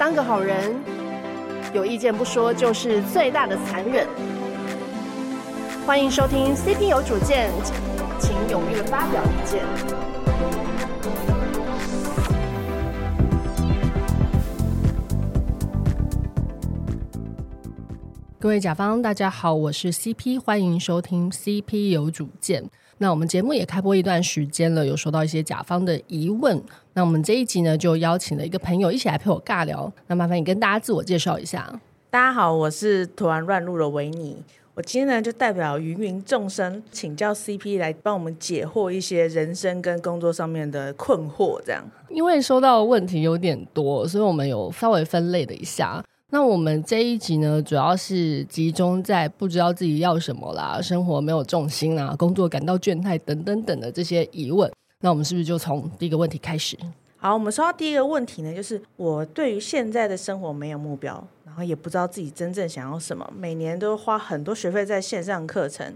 當個好人，有意見不說就是最大的殘忍。歡迎收聽 CP 有主見，請踴躍發表意見。各位甲方，大家好，我是 CP，歡迎收聽 CP 有主見。那我們節目也開播一段時間了，有收到一些甲方的疑問。那我們這一集呢，就邀請了一個朋友一起來陪我尬聊。那麻煩你跟大家自我介紹一下。大家好，我是突然亂入的維尼。我今天呢，就代表芸芸眾生，請教 CP 來幫我們解惑一些人生跟工作上面的困惑。這樣，因為收到的問題有點多，所以我們有稍微分類了一下。那我們這一集呢，主要是集中在不知道自己要什麼啦，生活沒有重心啦，工作感到倦怠等等等等的這些疑問。那我們是不是就從第一個問題開始？好，我們說到第一個問題呢，就是我對於現在的生活沒有目標，然後也不知道自己真正想要什麼，每年都花很多學費在線上課程，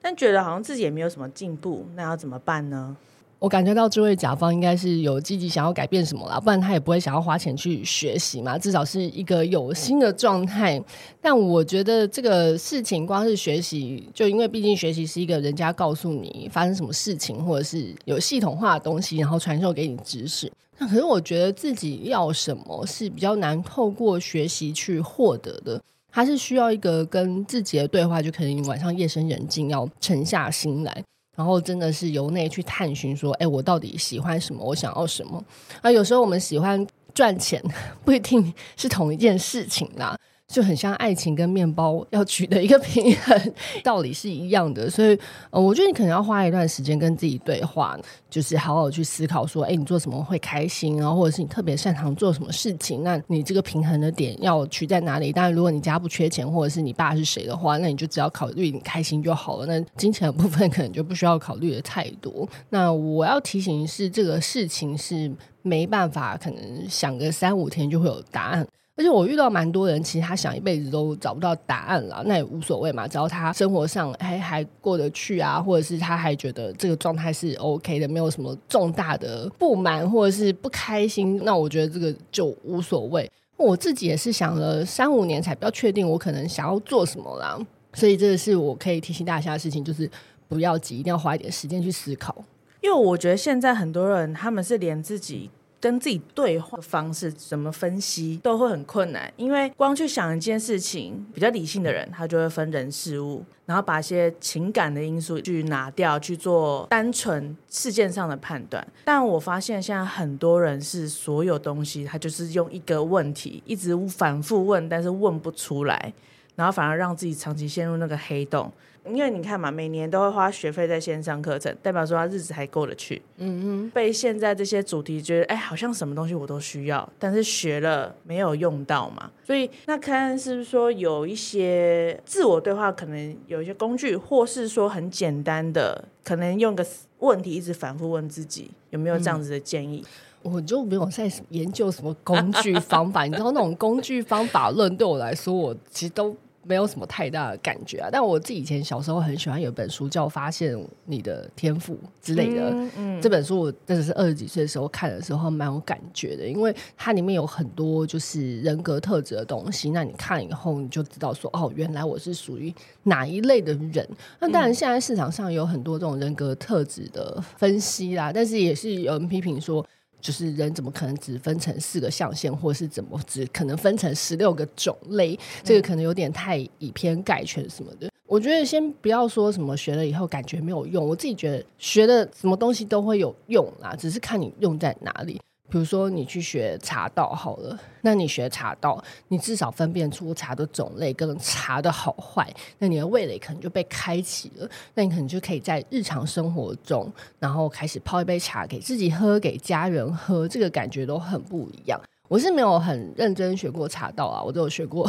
但覺得好像自己也沒有什麼進步，那要怎麼辦呢？我感覺到這位甲方應該是有積極想要改變什麼啦，不然他也不會想要花錢去學習嘛。至少是一個有心的狀態。但我覺得這個事情光是學習，就因為畢竟學習是一個人家告訴你發生什麼事情，或者是有系統化的東西，然後傳授給你知識。那可是我覺得自己要什麼是比較難透過學習去獲得的，他是需要一個跟自己的對話，就可能晚上夜深人靜要沉下心來。然後真的是由內去探尋，說，誒，我到底喜歡什麼？我想要什麼？啊，有時候我們喜歡賺錢，不一定是同一件事情啦。就很像愛情跟麵包要取的一個平衡，道理是一樣的，所以嗯，我覺得你可能要花一段時間跟自己對話，就是好好去思考說，誒、欸，你做什麼會開心，啊？然後或者是你特別擅長做什麼事情，那你這個平衡的點要取在哪裡？但如果你家不缺錢，或者是你爸是誰的話，那你就只要考慮你開心就好了。那金錢的部分可能就不需要考慮的太多。那我要提醒是，這個事情是沒辦法，可能想個三五天就會有答案。而且我遇到蠻多人，其實他想一輩子都找不到答案了，那也無所謂嘛。只要他生活上還還過得去啊，或者是他還覺得這個狀態是 OK 的，沒有什麼重大的不滿或者是不開心，那我覺得這個就無所謂。我自己也是想了三五年才比較確定，我可能想要做什麼啦。所以這個是我可以提醒大家的事情，就是不要急，一定要花一點時間去思考。因為我覺得現在很多人他們是連自己。跟自己對話的方式怎麼分析都會很困難，因為光去想一件事情，比較理性的人他就會分人事物，然後把一些情感的因素去拿掉，去做單純事件上的判斷。但我發現現在很多人是所有東西他就是用一個問題一直反復問，但是問不出來，然後反而讓自己長期陷入那個黑洞。因為你看嘛，每年都會花學費在線上課程，代表說他日子還過得去。嗯嗯。被現在這些主題覺得，哎，好像什麼東西我都需要，但是學了沒有用到嘛？所以那看是不是說有一些自我對話，可能有一些工具，或是說很簡單的，可能用個問題一直反復問自己，有沒有這樣子的建議？嗯。我就沒有在研究什麼工具方法， 你知道那種工具方法論對我來說，我其實都。沒有什麼太大的感覺啊，但我自己以前小時候很喜歡有本書叫《發現你的天賦》之類的，嗯嗯、這本書我真的是二十幾歲的時候看的時候蠻有感覺的，因為它裡面有很多就是人格特質的東西，那你看以後你就知道說哦，原來我是屬於哪一類的人。那當然，現在市場上有很多這種人格特質的分析啦，但是也是有人批評說。就是人怎麼可能只分成四個象限，或是怎麼只可能分成十六個種類？嗯、這個可能有點太以偏概全什麼的。我覺得先不要說什麼學了以後感覺沒有用，我自己覺得學的什麼東西都會有用啦，只是看你用在哪裡。比如說，你去學茶道好了，那你學茶道，你至少分辨出茶的種類跟茶的好壞，那你的味蕾可能就被開啟了，那你可能就可以在日常生活中，然後開始泡一杯茶給自己喝，給家人喝，這個感覺都很不一樣。我是沒有很認真學過茶道啊，我只有學過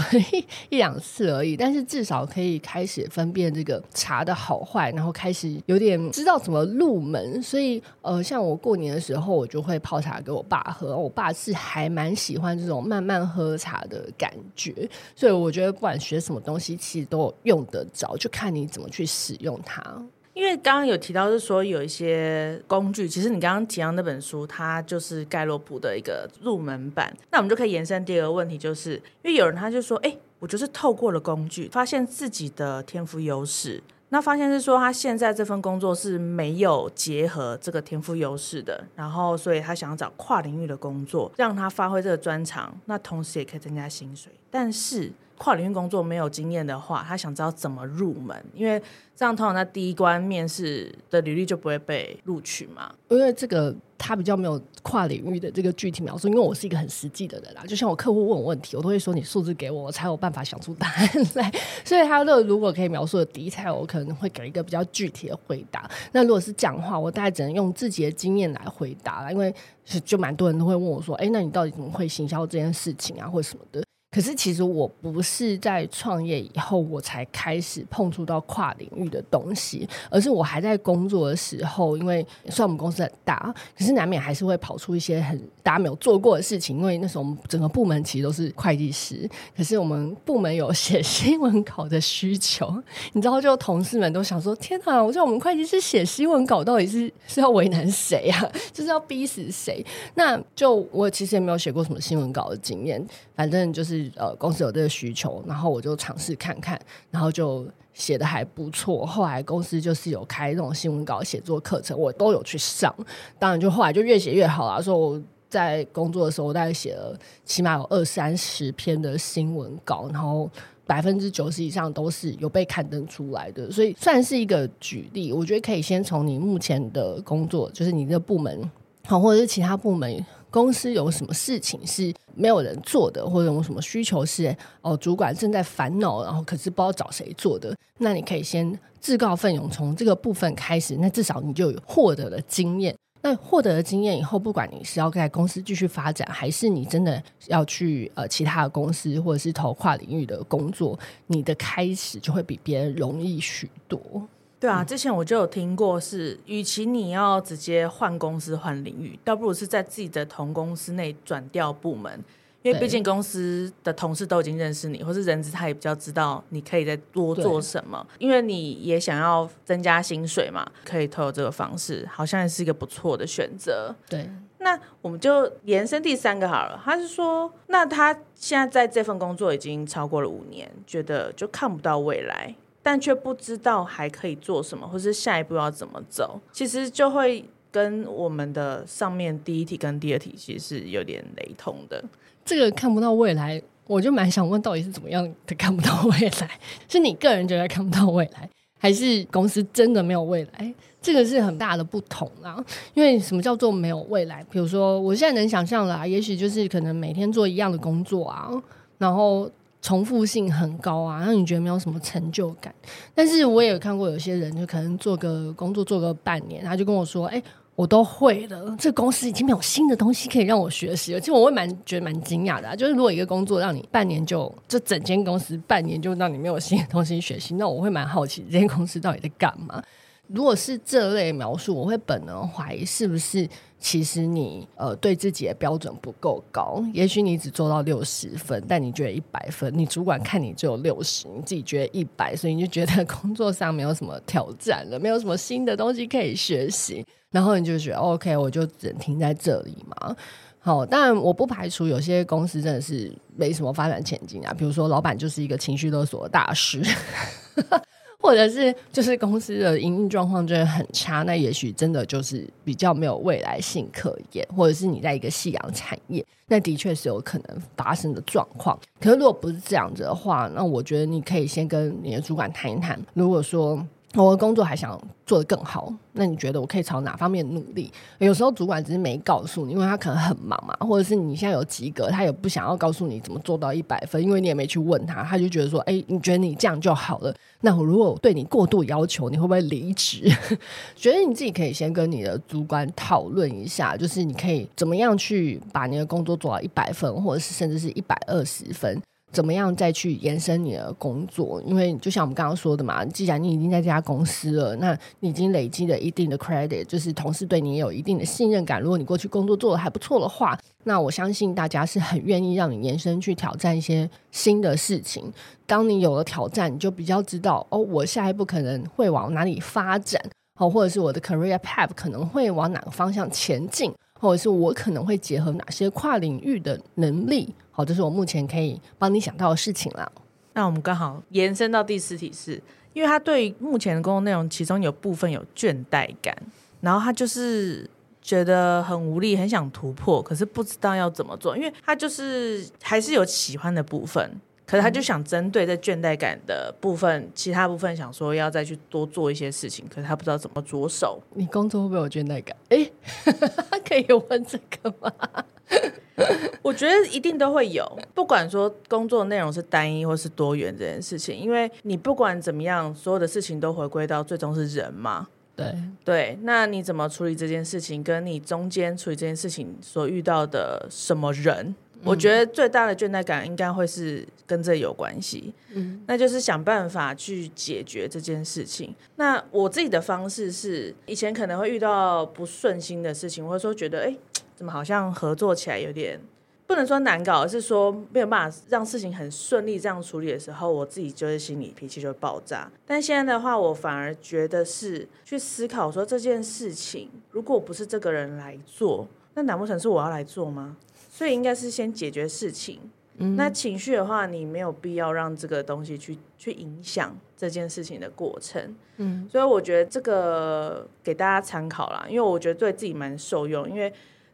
一，一兩次而已。但是至少可以開始分辨這個茶的好壞，然後開始有點知道怎麼入門。所以，呃，像我過年的時候，我就會泡茶給我爸喝。我爸是還蠻喜歡這種慢慢喝茶的感覺。所以，我覺得不管學什麼東西，其實都用得着，就看你怎麼去使用它。因為剛剛有提到是說有一些工具。其實你剛剛提到那本書，它就是蓋洛普的一個入門版。那我們就可以延伸第二個問題，就是因為有人他就說，哎，我就是透過了工具發現自己的天賦優勢，那發現是說他現在這份工作是沒有結合這個天賦優勢的，然後所以他想要找跨領域的工作，讓他發揮這個專長，那同時也可以增加薪水，但是，跨領域工作沒有經驗的話，他想知道怎麼入門，因為這樣通常在第一關面試的履歷就不會被錄取嘛。因為這個他比較沒有跨領域的這個具體描述，因為我是一個很實際的人啦。就像我客戶問我問題，我都會說你數字給我，我才有辦法想出答案來。所以他的如果可以描述的題材，我可能會給一個比較具體的回答。那如果是講話，我大概只能用自己的經驗來回答了，因為就蠻多人都會問我說：“哎、欸，那你到底怎麼會行銷這件事情啊，或者什麼的？”可是其實我不是在創業以後我才開始碰觸到跨領域的東西，而是我還在工作的時候，因為雖然我們公司很大，可是難免還是會跑出一些很大家沒有做過的事情。因為那時候我們整個部門其實都是會計師，可是我們部門有寫新聞稿的需求，你知道，就同事們都想說：“天啊，我說我們會計師寫新聞稿到底是是要為難誰啊？就是要逼死誰？”那就我其實也沒有寫過什麼新聞稿的經驗，反正就是。呃，公司有這個需求，然後我就嘗試看看，然後就寫得還不錯。後來公司就是有開這種新聞稿寫作課程，我都有去上。當然，就後來就越寫越好了，啊。所以我在工作的時候，我大概寫了起碼有二三十篇的新聞稿，然後百分之九十以上都是有被刊登出來的，所以算是一個舉例。我覺得可以先從你目前的工作，就是你的部門，好，或者是其他部門。公司有什麼事情是沒有人做的，或者有什麼需求是哦，主管正在煩惱，然後可是不知道找誰做的，那你可以先自告奮勇從這個部分開始，那至少你就有獲得了經驗。那獲得了經驗以後，不管你是要在公司繼續發展，還是你真的要去呃其他的公司或者是投跨領域的工作，你的開始就會比別人容易許多。對啊，之前我就有聽過是，是與其你要直接換公司換領域，倒不如是在自己的同公司內轉調部門，因為畢竟公司的同事都已經認識你，或是人資他也比較知道你可以再多做什麼，對因為你也想要增加薪水嘛，可以透過這個方式，好像也是一個不錯的選擇。對，那我們就延伸第三個好了。他是說，那他現在在這份工作已經超過了五年，覺得就看不到未來。但卻不知道還可以做什麼，或是下一步要怎麼走，其實就會跟我們的上面第一題跟第二題其實是有點雷同的。這個看不到未來，我就蠻想問，到底是怎麼樣的看不到未來？是你個人覺得看不到未來，還是公司真的沒有未來？這個是很大的不同啦、啊。因為什麼叫做沒有未來？比如說，我現在能想象的啊，也許就是可能每天做一樣的工作啊，然後。重複性很高啊，讓你覺得沒有什麼成就感。但是我也有看過有些人，就可能做個工作做個半年，他就跟我說：“哎、欸，我都會了，這個、公司已經沒有新的東西可以讓我學習了。”其實我會蠻覺得蠻驚訝的、啊，就是如果一個工作讓你半年就這整間公司半年就讓你沒有新的東西學習，那我會蠻好奇這間公司到底在幹嘛？如果是這類描述，我會本能懷疑是不是其實你呃對自己的標準不夠高。也許你只做到六十分，但你覺得一百分。你主管看你只有六十，你自己覺得一百，所以你就覺得工作上沒有什麼挑戰了，沒有什麼新的東西可以學習，然後你就覺得 OK，我就只能停在這裡嘛。好，但我不排除有些公司真的是沒什麼發展前景啊。比如說，老闆就是一個情緒勒索的大師。 或者是就是公司的營運狀況真的很差，那也許真的就是比較沒有未來性可言，或者是你在一個夕陽產業，那的確是有可能發生的狀況。可是如果不是這樣子的話，那我覺得你可以先跟你的主管談一談，如果說我的工作還想做得更好，那你覺得我可以朝哪方面努力？欸，有時候主管只是沒告訴你，因為他可能很忙嘛，或者是你現在有及格，他也不想要告訴你怎麼做到一百分，因為你也沒去問他，他就覺得說，哎、欸，你覺得你這樣就好了。那我如果對你過度要求，你會不會離職？ 覺得你自己可以先跟你的主管討論一下，就是你可以怎麼樣去把你的工作做到一百分，或者是甚至是一百二十分。怎麼樣再去延伸你的工作？因為就像我們剛剛說的嘛，既然你已經在這家公司了，那你已經累積了一定的 credit，就是同事對你也有一定的信任感。如果你過去工作做得還不錯的話，那我相信大家是很願意讓你延伸去挑戰一些新的事情。當你有了挑戰，你就比較知道哦，我下一步可能會往哪裡發展，好、哦，或者是我的 career path 可能會往哪個方向前進。或者是我可能會結合哪些跨領域的能力？好，這是我目前可以幫你想到的事情啦。那我們剛好延伸到第四題是，是因為他對目前的工作內容其中有部分有倦怠感，然後他就是覺得很無力，很想突破，可是不知道要怎麼做，因為他就是還是有喜歡的部分。可是他就想針對這倦怠感的部分，其他部分想說要再去多做一些事情，可是他不知道怎麼着手。你工作會不會有倦怠感？哎，可以問這個嗎？我覺得一定都會有，不管說工作內容是單一或是多元這件事情，因為你不管怎麼樣，所有的事情都回歸到最終是人嘛。對對，那你怎麼處理這件事情，跟你中間處理這件事情所遇到的什麼人？我覺得最大的倦怠感應該會是跟這有關係，嗯。那就是想辦法去解決這件事情。那我自己的方式是，以前可能會遇到不順心的事情，或者說覺得，哎，怎麼好像合作起來有點不能說難搞，而是說沒有辦法讓事情很順利這樣處理的時候，我自己就是心裡脾氣就爆炸。但現在的話，我反而覺得是去思考說這件事情，如果不是這個人來做，那難不成是我要來做嗎？最所以應該是先解決事情，嗯、哼那情緒的話，你沒有必要讓這個東西去去影響這件事情的過程。嗯，所以我覺得這個給大家參考啦，因為我覺得對自己蠻受用，因為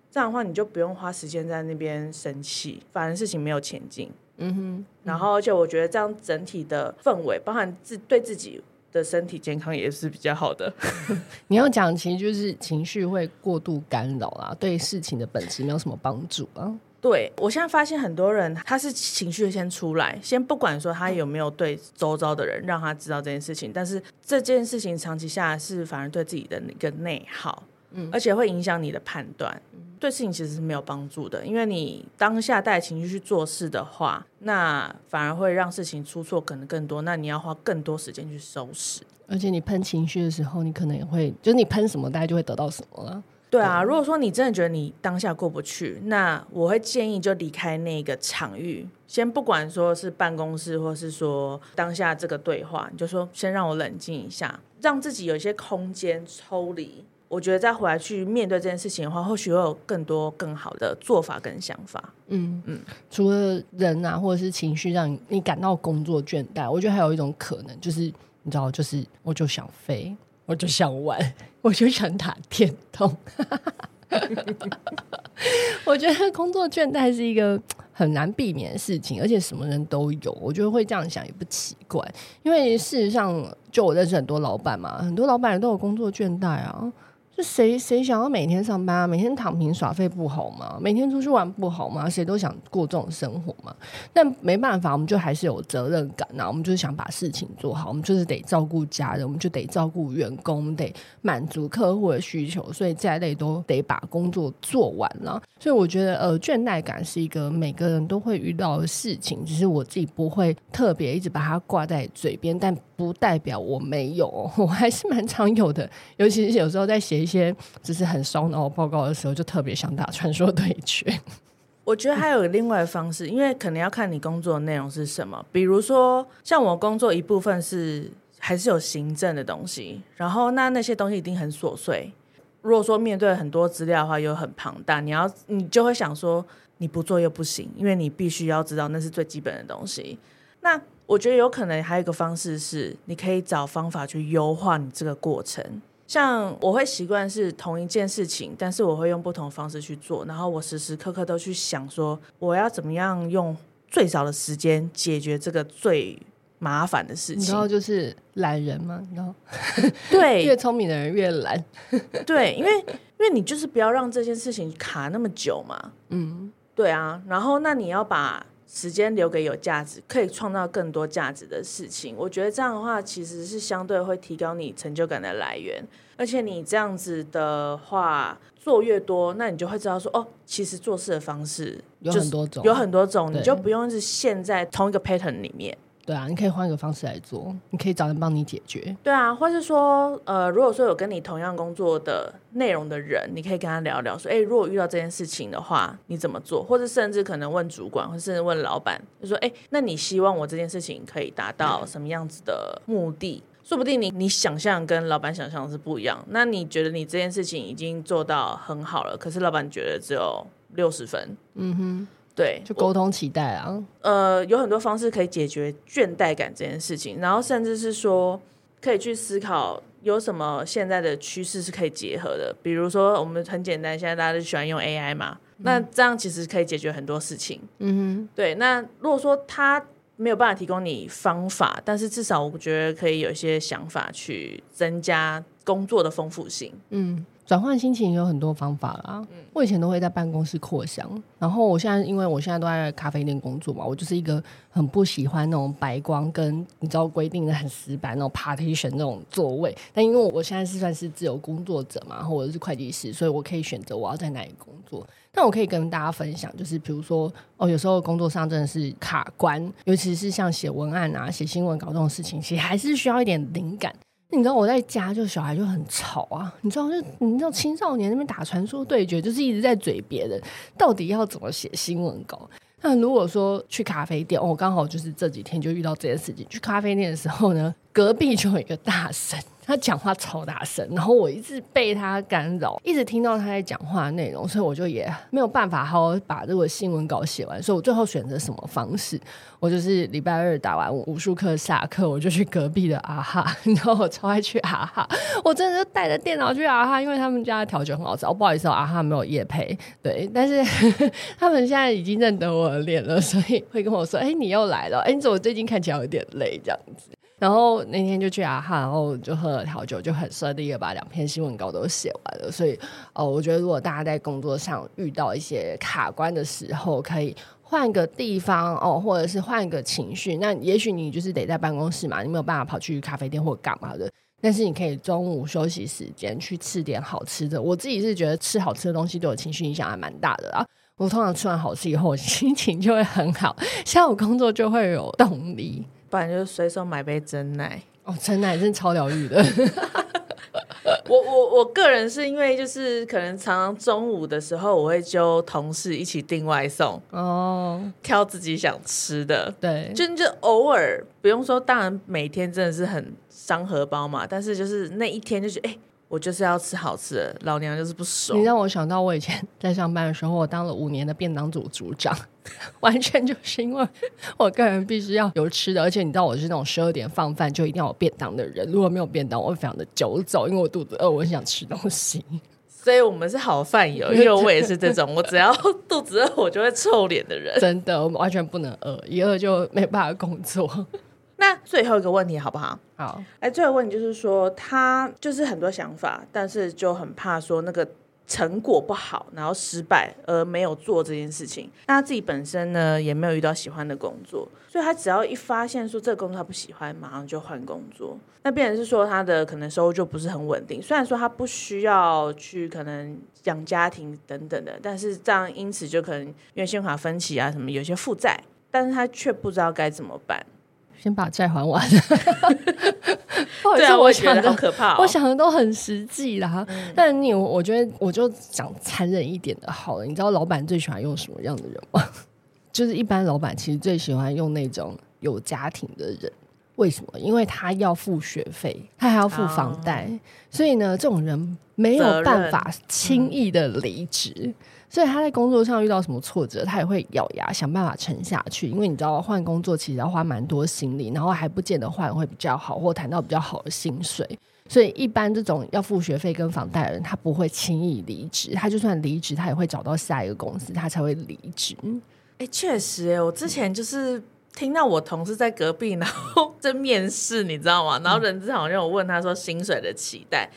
這樣的話你就不用花時間在那邊生氣，反而事情沒有前進，嗯。嗯哼，然後而且我覺得這樣整體的氛圍，包含自對自己的身體健康也是比較好的。 你要講，其實就是情緒會過度干擾啦、啊，對事情的本質沒有什麼幫助啊。對，我現在發現，很多人他是情緒先出來，先不管說他有沒有對周遭的人讓他知道這件事情，但是這件事情長期下來，是反而對自己的一個內耗。嗯，而且會影響你的判斷，嗯、對事情其實是沒有幫助的。因為你當下帶情緒去做事的話，那反而會讓事情出錯可能更多。那你要花更多時間去收拾。而且你噴情緒的時候，你可能也會，就是你噴什麼，大家就會得到什麼了。對啊，如果說你真的覺得你當下過不去，那我會建議就離開那個場域，先不管說是辦公室，或是說當下這個對話，你就說先讓我冷靜一下，讓自己有一些空間抽離。我覺得再回來去面對這件事情的話，或許會有更多更好的做法跟想法。嗯嗯，除了人啊，或者是情緒讓你感到工作倦怠，我覺得還有一種可能就是你知道，就是我就想飛，我就想玩，我就想打電動。 我覺得工作倦怠是一個很難避免的事情，而且什麼人都有，我覺得會這樣想也不奇怪。因為事實上，就我認識很多老闆嘛，很多老闆都有工作倦怠啊。誰誰想要每天上班啊？每天躺平耍廢不好嗎？每天出去玩不好嗎？誰都想過這種生活嘛。但沒辦法，我們就還是有責任感吶、啊。我們就是想把事情做好，我們就是得照顧家人，我們就得照顧員工，我們得滿足客戶的需求。所以再累都得把工作做完了、啊。所以我覺得，呃，倦怠感，是一個每個人都會遇到的事情，只是我自己不會特別一直把它掛在嘴邊，但不代表我沒有、哦，我還是蠻常有的。尤其是有時候在寫些就是很燒腦報告的時候，就特別想打傳說對決。我覺得還有一個另外的方式，因為可能要看你工作的內容是什麼。比如說，像我工作一部分是還是有行政的東西，然後那那些東西一定很瑣碎。如果說面對很多資料的話，又很龐大，你要你就會想說，你不做又不行，因為你必須要知道那是最基本的東西。那我覺得有可能還有一個方式是，你可以找方法去優化你這個過程。像我會習慣是同一件事情，但是我會用不同方式去做，然後我時時刻刻都去想說，我要怎麼樣用最少的時間解決這個最麻煩的事情。然後就是懶人嘛，然後 對，越聰明的人越懶， 對，因為因為你就是不要讓這件事情卡那麼久嘛，嗯，對啊，然後那你要把。時間留給有價值、可以創造更多價值的事情。我覺得這樣的話，其實是相對會提高你成就感的來源。而且你這樣子的話，做越多，那你就會知道說，哦，其實做事的方式有很多種，就是有很多種，對你就不用是陷在同一個 pattern 裡面。對啊，你可以換一個方式來做，你可以找人幫你解決。對啊，或是說，呃，如果說有跟你同樣工作的內容的人，你可以跟他聊聊，說，哎、欸，如果遇到這件事情的話，你怎麼做？或是甚至可能問主管，或是甚至問老板，就說，哎、欸，那你希望我這件事情可以達到什麼樣子的目的？嗯、說不定你你想象跟老板想象是不一樣。那你覺得你這件事情已經做到很好了，可是老板覺得只有六十分。嗯哼。對，就溝通期待啊。呃，有很多方式可以解決倦怠感這件事情，然後甚至是說可以去思考有什麼現在的趨勢是可以結合的。比如說，我們很簡單，現在大家都喜歡用 AI 嘛，嗯、那這樣其實可以解決很多事情。嗯哼，對。那如果說他沒有辦法提供你方法，但是至少我覺得可以有一些想法去增加工作的豐富性。嗯。轉換心情有很多方法啦。嗯，我以前都會在辦公室擴香，然後我現在因為我現在都在咖啡店工作嘛，我就是一個很不喜歡那種白光跟你知道規定的很死板那種 partition 那種座位。但因為我現在是算是自由工作者嘛，然後我是會計師，所以我可以選擇我要在哪裡工作。但我可以跟大家分享，就是比如說哦、喔，有時候工作上真的是卡關，尤其是像寫文案啊、寫新聞、搞這種事情，其實還是需要一點靈感。你知道我在家就小孩就很吵啊，你知道就你知道青少年那邊打傳說對決，就是一直在嘴別人，到底要怎麼寫新聞稿？那如果說去咖啡店，我、哦、剛好就是這幾天就遇到這件事情。去咖啡店的時候呢，隔壁就有一個大神，他講話超大聲，然後我一直被他干擾，一直聽到他在講話內容，所以我就也沒有辦法好好把這個新聞稿寫完，所以我最後選擇什麼方式？我就是禮拜二打完武術課下課，我就去隔壁的啊哈，然後我超愛去啊哈，我真的就帶着電腦去啊哈，因為他們家調酒很好吃。哦、不好意思、哦，啊哈沒有業配，對，但是呵呵他們現在已經認得我的臉了，所以會跟我說，哎、欸，你又來了，哎、欸，你怎麼最近看起來有點累這樣子。然後那天就去阿哈，然後就喝了調酒，就很順利的把兩篇新聞稿都寫完了。所以，哦，我覺得如果大家在工作上遇到一些卡關的時候，可以換個地方哦，或者是換個情緒。那也許你就是得在辦公室嘛，你沒有辦法跑去咖啡店或者幹嘛的。但是你可以中午休息時間去吃點好吃的。我自己是覺得吃好吃的東西對我情緒影響還蠻大的啦。我通常吃完好吃以後，心情就會很好，下午工作就會有動力。不然就隨手買杯珍奶哦，珍奶真的超療癒的。 我我我個人是因為就是可能常常中午的時候，我會揪同事一起訂外送哦，挑自己想吃的。對，就就偶爾不用說，當然每天真的是很傷荷包嘛。但是就是那一天就覺得哎。欸我就是要吃好吃的，老娘就是不熟。你讓我想到我以前在上班的時候，我當了五年的便當組組長，完全就是因為我個人必須要有吃的，而且你知道我是那種十二點放飯就一定要有便當的人，如果沒有便當，我會非常的久走，因為我肚子餓，我很想吃東西。所以我們是好飯友，因為我也是這種，我只要肚子餓，我就會臭臉的人。 真的，我們完全不能餓，一餓就沒辦法工作。那最後一個問題好不好？好，哎，最後一個問題就是說，他就是很多想法，但是就很怕說那個成果不好，然後失敗而沒有做這件事情。那他自己本身呢，也沒有遇到喜歡的工作，所以他只要一發現說這個工作他不喜歡，馬上就換工作。那變成是說他的可能收入就不是很穩定，雖然說他不需要去可能養家庭等等的，但是這樣因此就可能因為信用卡分期啊什麼有一些負債，但是他卻不知道該怎麼辦。先把債還完 不好意思。對啊，我，我想的都可怕，哦，我想的都很實際啦。嗯、但你，我覺得我就講殘忍一點的好了。你知道老闆最喜歡用什麼樣的人嗎？就是一般老闆其實最喜歡用那種有家庭的人。為什麼？因為他要付學費，他還要付房貸，啊、所以呢，這種人沒有辦法輕易的離職。所以他在工作上遇到什麼挫折，他也會咬牙想辦法撐下去。因為你知道換工作其實要花蠻多心力，然後還不見得換會比較好，或談到比較好的薪水。所以一般這種要付學費跟房貸的人，他不會輕易離職。他就算離職，他也會找到下一個公司，他才會離職。嗯，哎，確實，欸，我之前就是聽到我同事在隔壁，然後在面試，你知道嗎？然後人資好像有問他說薪水的期待。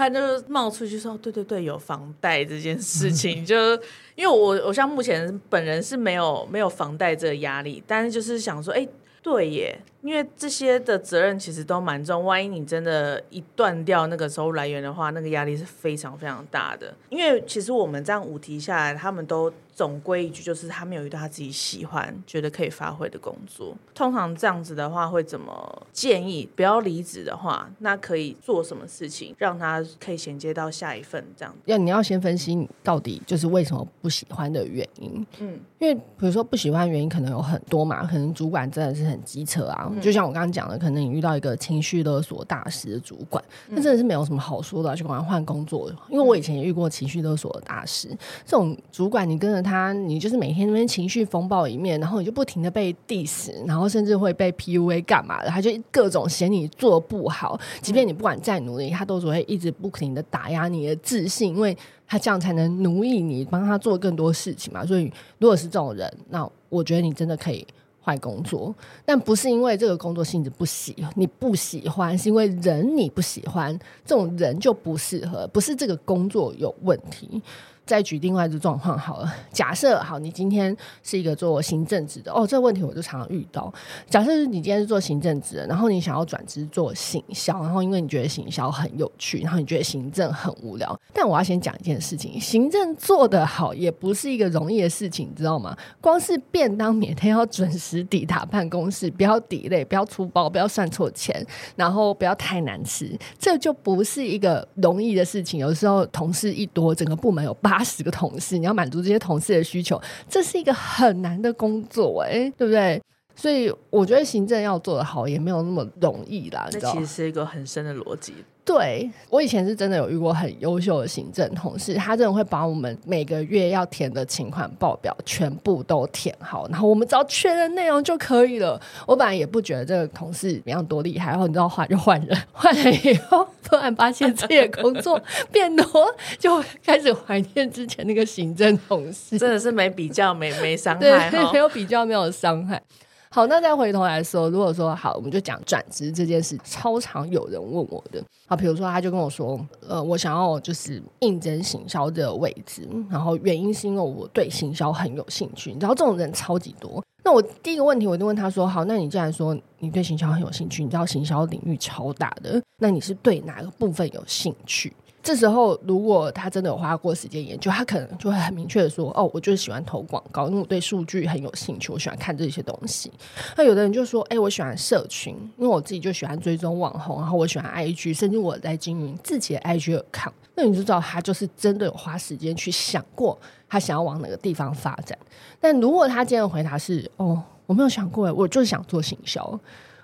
他就冒出去說：“對對對，有房貸這件事情，就因為我我像目前本人是沒有沒有房貸這個壓力，但是就是想說，哎，對耶，因為這些的責任其實都蠻重，萬一你真的，一斷掉那個收入來源的話，那個壓力是非常非常大的。因為其實我們這樣五題下來，他們都。”總歸一句，就是他沒有遇到他自己喜歡、覺得可以發揮的工作。通常這樣子的話，會怎麼建議不要離職的話，那可以做什麼事情讓他可以銜接到下一份這樣子？要你要先分析你到底就是為什麼不喜歡的原因。嗯，因為比如說不喜歡原因可能有很多嘛，可能主管真的是很機車啊，嗯、就像我剛剛講的，可能你遇到一個情緒勒索大師的主管，那、嗯、真的是沒有什麼好說的、啊，去幫他換工作的。因為我以前也遇過情緒勒索的大師這種主管，你跟。他，你就是每天在那邊情緒風暴一面，然後你就不停的被 diss，然後甚至會被 PUA 幹嘛的，他就各種嫌你做不好，即便你不管再努力，他都只會一直不停的打壓你的自信，因為他這樣才能奴役你，幫他做更多事情嘛。所以，如果是這種人，那我覺得你真的可以換工作，但不是因為這個工作性質不喜，你不喜歡，是因為人你不喜歡，這種人就不適合，不是這個工作有問題。再舉另外一種狀況好了，假設好，你今天是一個做行政職的哦，這個問題我就常常遇到。假設你今天是做行政職的，然後你想要轉職做行銷，然後因為你覺得行銷很有趣，然後你覺得行政很無聊。但我要先講一件事情，行政做得好也不是一個容易的事情，你知道嗎？光是便當每天要準時抵達辦公室，不要 delay，不要出包，不要算錯錢，然後不要太難吃，這就不是一個容易的事情。有時候同事一多，整個部門有八。十個同事，你要滿足這些同事的需求，這是一個很難的工作，欸，哎，對不對？所以我覺得行政要做得好也沒有那麼容易啦，嗯、你知道其實是一個很深的邏輯。對我以前是真的有遇過很優秀的行政同事，他真的會把我們每個月要填的請款報表全部都填好，然後我們只要確認內容就可以了。我本來也不覺得這個同事怎麼樣多厲害，然後你知道換就換人，換了以後突然發現這些工作變多， 就開始懷念之前那個行政同事。真的是沒比較，沒沒傷害、哦對，沒有比較，沒有傷害。 好，那再回頭來說，如果說好，我們就講轉職這件事，超常有人問我的。好，比如說他就跟我說，呃，我想要就是應徵行銷的位置，然後原因是因為我對行銷很有興趣。你知道這種人超級多。那我第一個問題，我就問他說，好，那你既然說你對行銷很有興趣，你知道行銷領域超大的，那你是對哪個部分有興趣？這時候，如果他真的有花過時間研究，他可能就會很明確的說：“哦，我就是喜歡投廣告，因為我對數據很有興趣，我喜歡看這些東西。”那有的人就說：“哎，我喜歡社群，因為我自己就喜歡追蹤網紅，然後我喜歡 IG，甚至我在經營自己的 IG account。”那你就知道，他就是真的有花時間去想過他想要往哪個地方發展。但如果他今天的回答是：“哦，我沒有想過，我就是想做行銷。”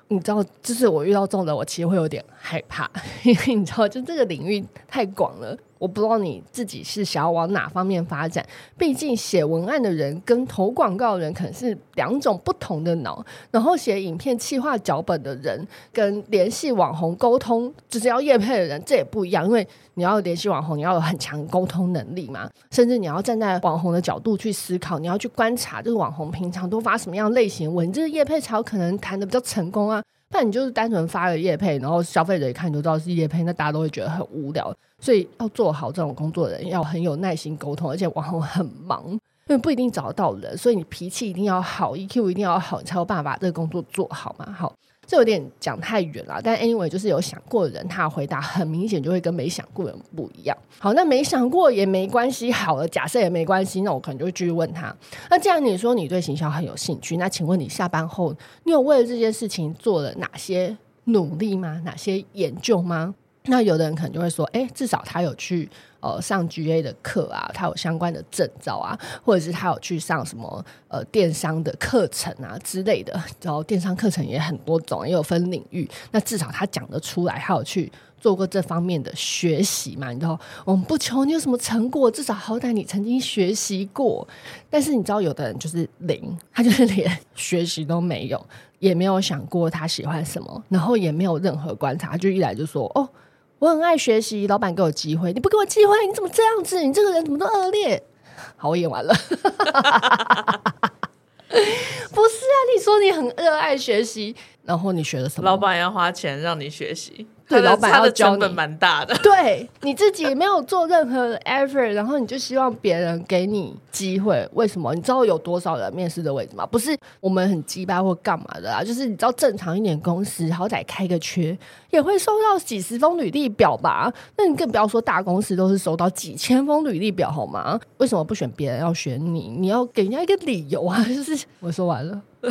你知道，就是我遇到這種的，我其實會有點害怕，因為你知道，就這個領域太廣了。我不知道你自己是想要往哪方面發展。畢竟寫文案的人跟投廣告的人可能是兩種不同的腦。然後寫影片企劃腳本的人跟聯繫網紅溝通就是要業配的人，這也不一樣。因為你要聯繫網紅，你要有很強溝通能力嘛。甚至你要站在網紅的角度去思考，你要去觀察這個網紅平常都發什麼樣的類型文，這個業配潮，可能談得比較成功啊。但你就是單純發個業配，然後消費者一看就知道是業配，那大家都會覺得很無聊。所以要做好這種工作的人，要很有耐心溝通，而且網紅很忙，因為不一定找得到人，所以你脾氣一定要好，EQ 一定要好，你才有辦法把這個工作做好嘛。好。這有點講太遠了，但 anyway 就是有想過的人，他的回答很明顯就會跟沒想過的人不一樣。好，那沒想過也沒關係，好了，假設也沒關係，那我可能就會繼續問他。那既然你說你對行銷很有興趣，那請問你下班後你有為了這件事情做了哪些努力嗎？哪些研究嗎？那有的人可能就會說，哎、欸，至少他有去。呃，上 GA 的課啊，他有相關的證照啊，或者是他有去上什麼呃電商的課程啊之類的。然後電商課程也很多種，也有分領域。那至少他講得出來，他有去做過這方面的學習嘛？你知道，我們不求你有什麼成果，至少好歹你曾經學習過。但是你知道，有的人就是零，他就是連學習都沒有，也沒有想過他喜歡什麼，然後也沒有任何觀察，他就一來就說哦。我很愛學習，老闆給我機會，你不給我機會，你怎麼這樣子？你這個人怎麼都惡劣？好，我演完了。 不是啊，你說你很熱愛學習，然後你學的什麼？老闆要花錢讓你學習。對，老闆要教你，他的成本蠻大的。對，你自己沒有做任何 effort， 然後你就希望別人給你機會？為什麼？你知道有多少人面試的位置嗎？不是我們很雞巴或幹嘛的啊？就是你知道正常一點公司，好歹開個缺也會收到幾十封履歷表吧？那你更不要說大公司都是收到幾千封履歷表，好嗎？為什麼不選別人要選你？你要給人家一個理由啊！就是我說完了， 不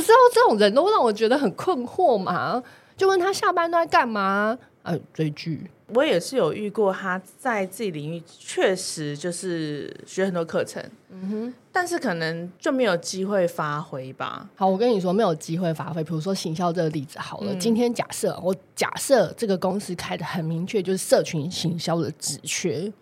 是、哦、這種人都讓我覺得很困惑嘛。就問他下班都在幹嘛？啊、哎，追劇。我也是有遇過，他在自己領域確實就是學很多課程，嗯哼，但是可能就沒有機會發揮吧。好，我跟你說，沒有機會發揮。比如說行銷這個例子好了，嗯、今天假設我假設這個公司開得很明確，就是社群行銷的職缺。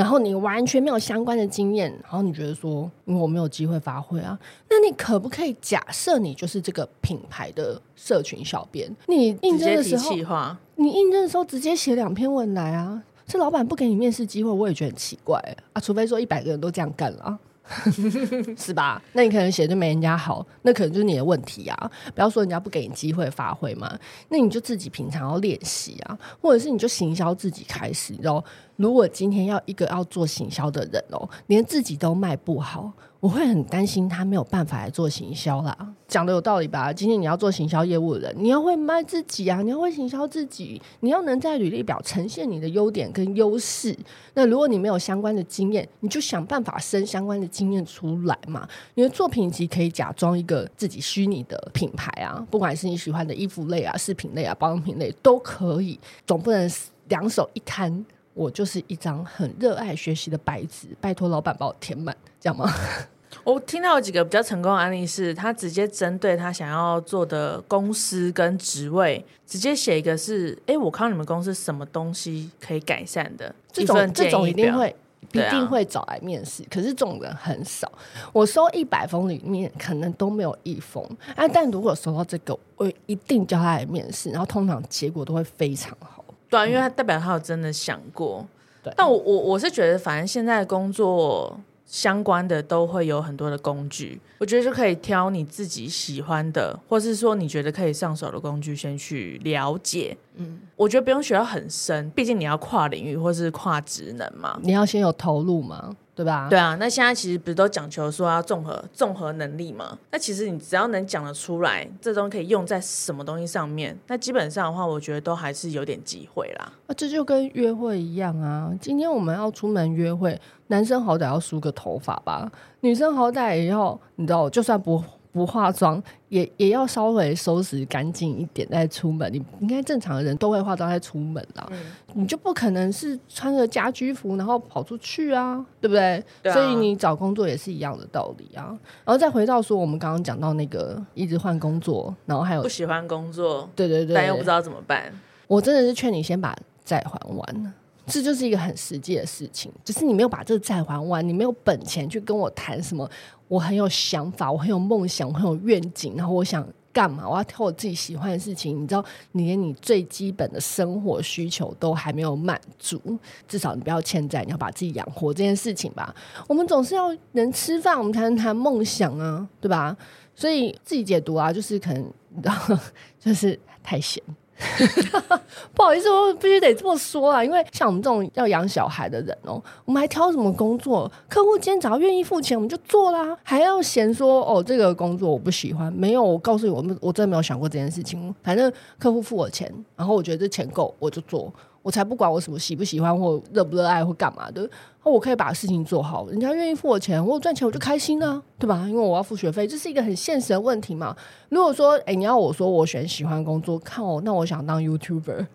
然後你完全沒有相關的經驗，然後你覺得說我沒有機會發揮啊？那你可不可以假設你就是這個品牌的社群小編？你應徵的時候，你應徵的時候直接寫兩篇文來啊？這老闆不給你面試機會，我也覺得很奇怪、欸、啊！除非說一百個人都這樣幹了、啊。 是吧？那你可能寫就沒人家好，那可能就是你的問題啊！不要說人家不給你機會發揮嘛，那你就自己平常要練習啊，或者是你就行銷自己開始。然後，如果今天要一個要做行銷的人哦，連自己都賣不好。我會很擔心他沒有辦法來做行銷啦，講的有道理吧？今天你要做行銷業務的人，你要會賣自己啊，你要會行銷自己，你要能在履歷表呈現你的優點跟優勢。那如果你沒有相關的經驗，你就想辦法生相關的經驗出來嘛。你的作品其實可以假裝一個自己虛擬的品牌啊，不管是你喜歡的衣服類啊、飾品類啊、包裝品類都可以，總不能兩手一攤。我就是一張很熱愛學習的白紙，拜託老闆把我填滿，這樣嗎？我聽到有幾個比較成功的案例是，是他直接針對他想要做的公司跟職位，直接寫一個是，哎、欸，我看你們公司什麼東西可以改善的，這種這種一定會一、啊、定會找來面試，可是這種人很少。我收一百封裡面可能都沒有一封，啊，但如果收到這個，我一定叫他來面試，然後通常結果都會非常好。對、啊，因為它代表他有真的想過。嗯、對，但我我我是覺得，反正現在工作相關的都會有很多的工具，我覺得是可以挑你自己喜歡的，或是說你覺得可以上手的工具先去了解。嗯，我覺得不用學到很深，畢竟你要跨領域或是跨職能嘛，你要先有投入嘛。對吧？對啊，那現在其實不是都講求說要綜合、綜合能力嗎？那其實你只要能講得出來，這東西可以用在什麼東西上面，那基本上的話，我覺得都還是有點機會啦。啊，這就跟約會一樣啊！今天我們要出門約會，男生好歹要梳個頭髮吧，女生好歹也要，你知道，就算不。不化妝也也要稍微收拾乾淨一點再出門，你應該正常的人都會化妝再出門啦，嗯、你就不可能是穿着家居服然後跑出去啊，對不對？對啊、所以你找工作也是一樣的道理啊。然後再回到說我們剛剛講到那個一直換工作，然後還有不喜歡工作，對對對，但又不知道怎麼辦，我真的是勸你先把債還完這就是一個很實際的事情，只、就是你沒有把這個債還完，你沒有本錢去跟我談什麼。我很有想法，我很有夢想，我很有願景，然後我想幹嘛？我要挑我自己喜歡的事情。你知道，你連你最基本的生活需求都還沒有滿足，至少你不要欠債，你要把自己養活這件事情吧。我們總是要能吃飯，我們才能談夢想啊，對吧？所以自己解讀啊，就是可能，你知道 就是太閒。 不好意思，我必須得這麼說啦、啊，因為像我們這種要養小孩的人哦、喔，我們還挑什麼工作？客戶今天只要願意付錢，我們就做啦，還要嫌說，哦，這個工作我不喜歡？沒有，我告訴你，我我真的沒有想過這件事情。反正客戶付我錢，然後我覺得這錢夠，我就做。我才不管我什麼喜不喜歡或熱不熱愛或幹嘛的，我可以把事情做好，人家願意付我錢，我賺錢我就開心啊，對吧？因為我要付學費，這是一個很現實的問題嘛。如果說，哎、欸，你要我說我選喜歡工作，看哦，那我想當 YouTuber。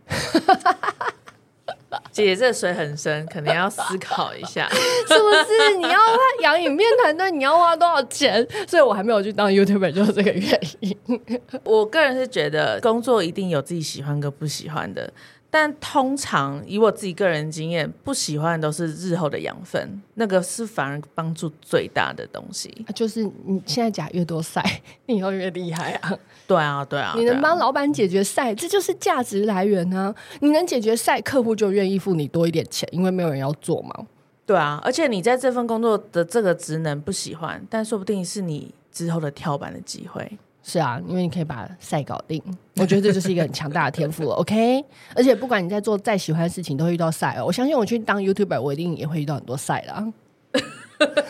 姐 姐，這個、水很深，可能要思考一下， 是不是？你要養影片團隊，你要花多少錢？所以我還沒有去當 YouTuber，就是這個原因。 我個人是覺得工作一定有自己喜歡跟不喜歡的。但通常以我自己個人經驗，不喜歡都是日後的養分，那個是反而幫助最大的東西。啊、就是你現在講越多賽，嗯、你以後越厲害啊，啊！對啊，對啊，你能幫老闆解決賽，這就是價值來源啊！你能解決賽，客戶就願意付你多一點錢，因為沒有人要做嘛。對啊，而且你在這份工作的這個職能不喜歡，但說不定是你之後的跳板的機會。是啊，因為你可以把賽搞定，我覺得這就是一個很強大的天賦了，OK，而且不管你在做再喜歡的事情，都會遇到賽哦。我相信我去當 YouTuber，我一定也會遇到很多賽的，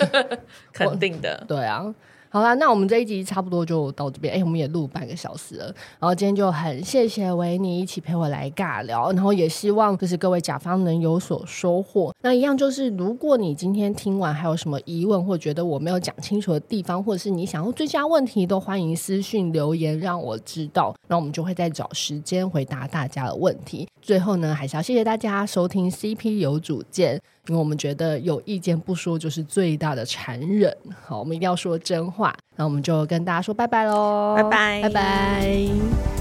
我肯定的。對啊。好啦，那我們這一集差不多就到這邊。哎、欸，我們也錄半個小時了，然後今天就很謝謝維尼一起陪我來尬聊，然後也希望就是各位甲方能有所收穫。那一樣就是，如果你今天聽完還有什麼疑問，或覺得我沒有講清楚的地方，或者是你想要追加問題，都歡迎私訊留言讓我知道，那我們就會再找時間回答大家的問題。最後呢，還是要謝謝大家收聽 CP 有主見。因為我們覺得有意見不說就是最大的殘忍，好，我們一定要說真話。那我們就跟大家說拜拜嘍，拜拜，拜拜。拜拜。